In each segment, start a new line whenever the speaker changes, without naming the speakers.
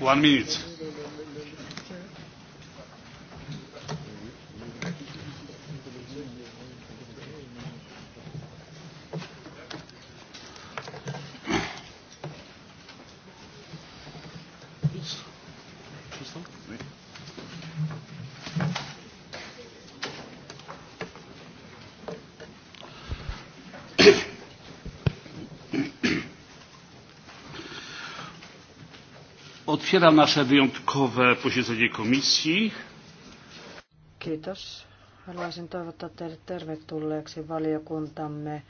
One minute. Otwieram nasze wyjątkowe posiedzenie komisji. Kiitos. Haluaisin toivottaa teille tervetulleeksi valiokuntamme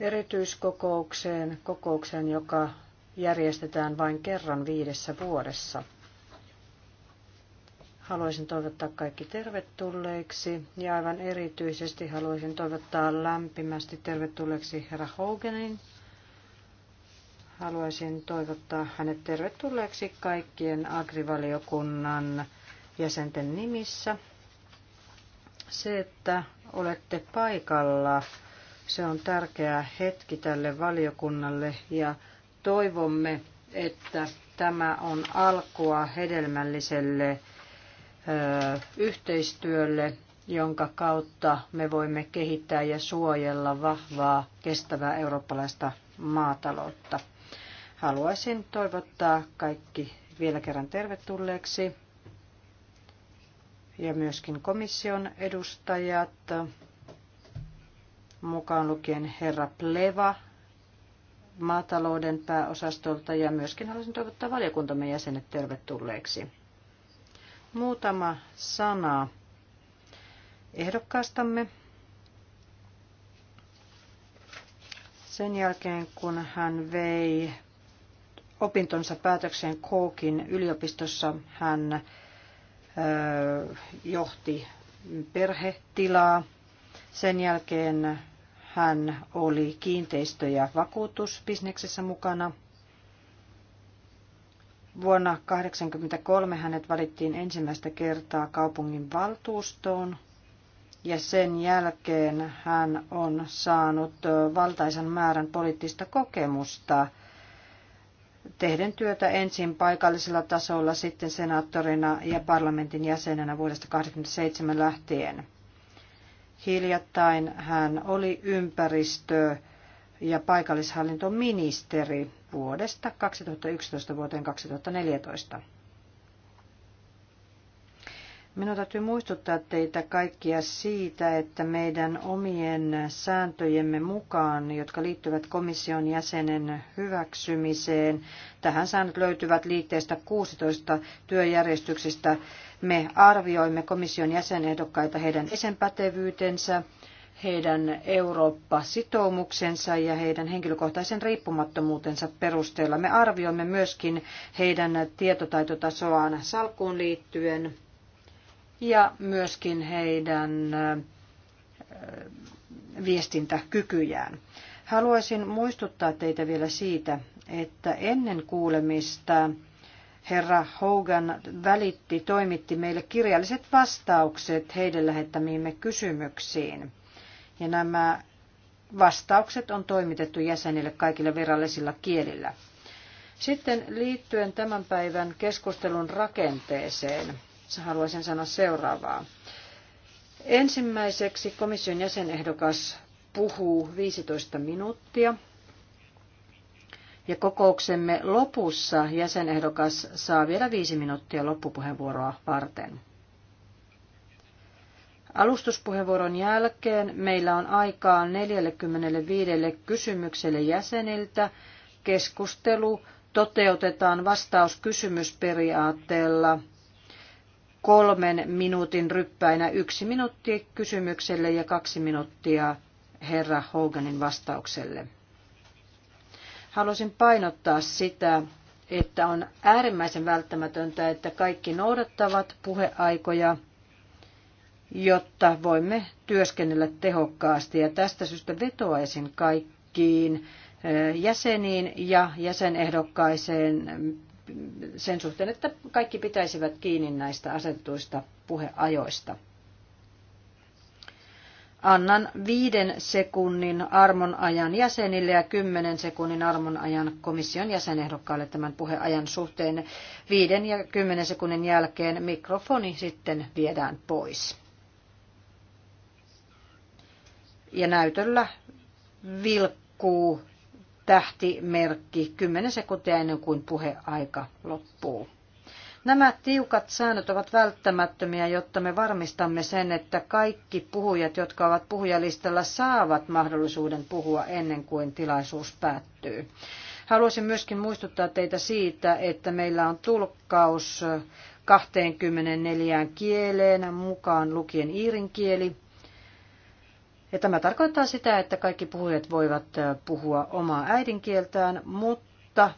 erityiskokoukseen, kokoukseen, joka järjestetään vain kerran viidessä vuodessa. Haluaisin toivottaa kaikki tervetulleiksi ja aivan erityisesti haluaisin toivottaa lämpimästi tervetulleeksi herra Hoganin, Haluaisin toivottaa hänet tervetulleeksi kaikkien agrivaliokunnan jäsenten nimissä. Se, että olette paikalla, se on tärkeä hetki tälle valiokunnalle ja toivomme, että tämä on alkua hedelmälliselle ö, yhteistyölle, jonka kautta me voimme kehittää ja suojella vahvaa, kestävää eurooppalaista maataloutta. Haluaisin toivottaa kaikki vielä kerran tervetulleeksi ja myöskin komission edustajat, mukaan lukien herra Pleva maatalouden pääosastolta ja myöskin haluaisin toivottaa valiokuntamme jäsenet tervetulleeksi. Muutama sana ehdokkaastamme. Sen jälkeen, kun hän vei opintonsa päätökseen Kookin yliopistossa, hän johti perhetilaa. Sen jälkeen hän oli kiinteistö- ja vakuutusbisneksessä mukana. Vuonna 1983 hänet valittiin ensimmäistä kertaa kaupungin valtuustoon – ja sen jälkeen hän on saanut valtaisan määrän poliittista kokemusta tehden työtä ensin paikallisella tasolla, sitten senaattorina ja parlamentin jäsenenä vuodesta 1987 lähtien. Hiljattain hän oli ympäristö- ja paikallishallintoministeri vuodesta 2011 vuoteen 2014. Minun täytyy muistuttaa teitä kaikkia siitä, että meidän omien sääntöjemme mukaan, jotka liittyvät komission jäsenen hyväksymiseen, tähän säännöt löytyvät liitteestä 16 työjärjestyksestä, me arvioimme komission jäsenehdokkaita heidän esenpätevyytensä, heidän Eurooppa-sitoumuksensa ja heidän henkilökohtaisen riippumattomuutensa perusteella. Me arvioimme myöskin heidän tietotaitotasoaan salkkuun liittyen, ja myöskin heidän viestintäkykyjään. Haluaisin muistuttaa teitä vielä siitä, että ennen kuulemista herra Hogan välitti, toimitti meille kirjalliset vastaukset heidän lähettämiimme kysymyksiin. Ja nämä vastaukset on toimitettu jäsenille kaikilla virallisilla kielillä. Sitten liittyen tämän päivän keskustelun rakenteeseen haluaisin sanoa seuraavaa. Ensimmäiseksi komission jäsenehdokas puhuu 15 minuuttia. Ja kokouksemme lopussa jäsenehdokas saa vielä viisi minuuttia loppupuheenvuoroa varten. Alustuspuheenvuoron jälkeen meillä on aikaa 45 kysymykselle jäseniltä. Keskustelu toteutetaan vastauskysymysperiaatteella – kolmen minuutin ryppäinä yksi minuutti kysymykselle ja kaksi minuuttia herra Hoganin vastaukselle. Haluaisin painottaa sitä, että on äärimmäisen välttämätöntä, että kaikki noudattavat puheaikoja, jotta voimme työskennellä tehokkaasti. Ja tästä syystä vetoaisin kaikkiin eh, jäseniin ja jäsenehdokkaiseen sen suhteen, että kaikki pitäisivät kiinni näistä asetuista puheajoista. Annan viiden sekunnin armonajan jäsenille ja kymmenen sekunnin armonajan komission jäsenehdokkaalle tämän puheajan suhteen. Viiden ja kymmenen sekunnin jälkeen mikrofoni sitten viedään pois. Ja näytöllä vilkkuu tähtimerkki 10 sekuntia ennen kuin puheaika loppuu. Nämä tiukat säännöt ovat välttämättömiä, jotta me varmistamme sen, että kaikki puhujat, jotka ovat puhujalistalla, saavat mahdollisuuden puhua ennen kuin tilaisuus päättyy. Haluaisin myöskin muistuttaa teitä siitä, että meillä on tulkkaus 24 kieleen mukaan lukien iirin kieli. Ja tämä tarkoittaa sitä, että kaikki puhujat voivat puhua omaa äidinkieltään, mutta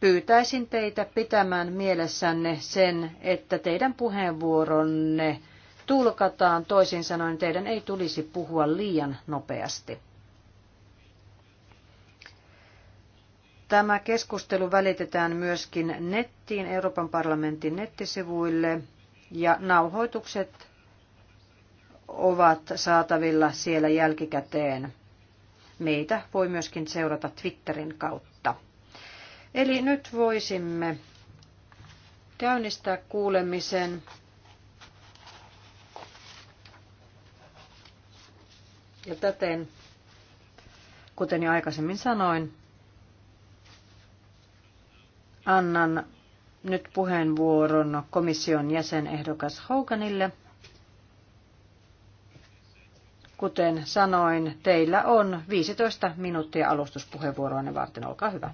pyytäisin teitä pitämään mielessänne sen, että teidän puheenvuoronne tulkataan, toisin sanoen teidän ei tulisi puhua liian nopeasti. Tämä keskustelu välitetään myöskin nettiin Euroopan parlamentin nettisivuille ja nauhoitukset ovat saatavilla siellä jälkikäteen. Meitä voi myöskin seurata Twitterin kautta. Eli nyt voisimme käynnistää kuulemisen. Ja täten, kuten jo aikaisemmin sanoin, annan nyt puheenvuoron komission jäsenehdokas Hoganille – Kuten sanoin, teillä on 15 minuuttia alustuspuheenvuoroanne varten. Olkaa hyvä.